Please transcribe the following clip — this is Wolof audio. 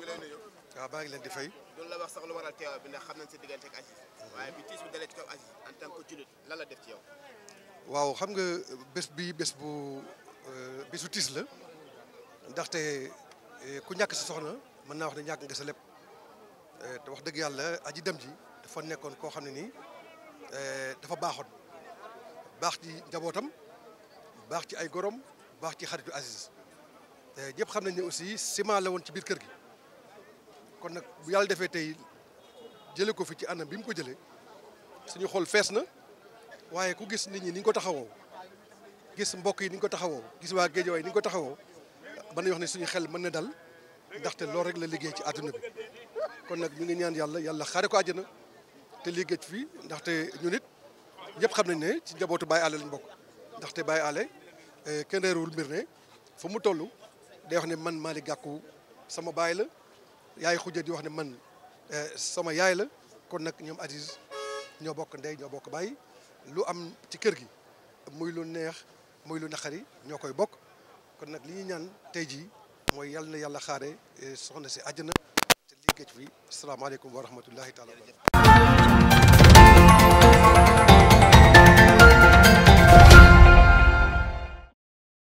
ngi lay nuyu. waaw baa ngi leen di fay. loolu la wax sax lu waral teewaay bi ndax xam nañ sa diggante ak Aziz. waaye bi tiis bi dalee ci kaw Aziz en tant que jullit lan la def ci yow. waaw xam nga bés bi bés bu bésu tiis la ndaxte ku ñàkk sa soxna mën naa wax ne ñàkk nga sa lépp te wax dëgg yàlla aji dem ji dafa nekkoon koo xam ne dafa baaxoon baax ci njabootam baax ci ay gorom baax ci xaritu Aziz ñëpp xam nañ ne aussi ciment la woon ci biir kër gi. kon nag bu yàlla defee tey jëlee ko fi ci anam bi mu ko jëlee suñu xol fees na waaye ku gis nit ñi ni ko taxawoo gis mbokk yi ni ko taxawoo gis waa Géejawaay ni ñu ko taxawoo ba nañu wax ne suñu xel mën na dal ndaxte loolu rek la liggéey ci àdduna bi kon nag ñu ngi ñaan yàlla yàlla xaare ko na te liggéey fi ndaxte ñun it ñëpp xam nañ ne ci njabootu Baye Allé lañ bokk ndaxte Baye Allé eh, kenn réerul mbir ne fa mu toll day wax ne man Malick gàkku sama baay la yaay xujja yi wax ne man sama yaay la kon nag ñoom Aziz ñoo bokk ndey ñoo bokk bàyyi lu am ci kër gi muy lu neex muy lu naxari ñoo koy bokk kon nag li ñuy ñaan tey jii mooy yàlla na yàlla xaare soxna si àjjana te liggéey bi salaamaaleykum wa rahmatullahi taala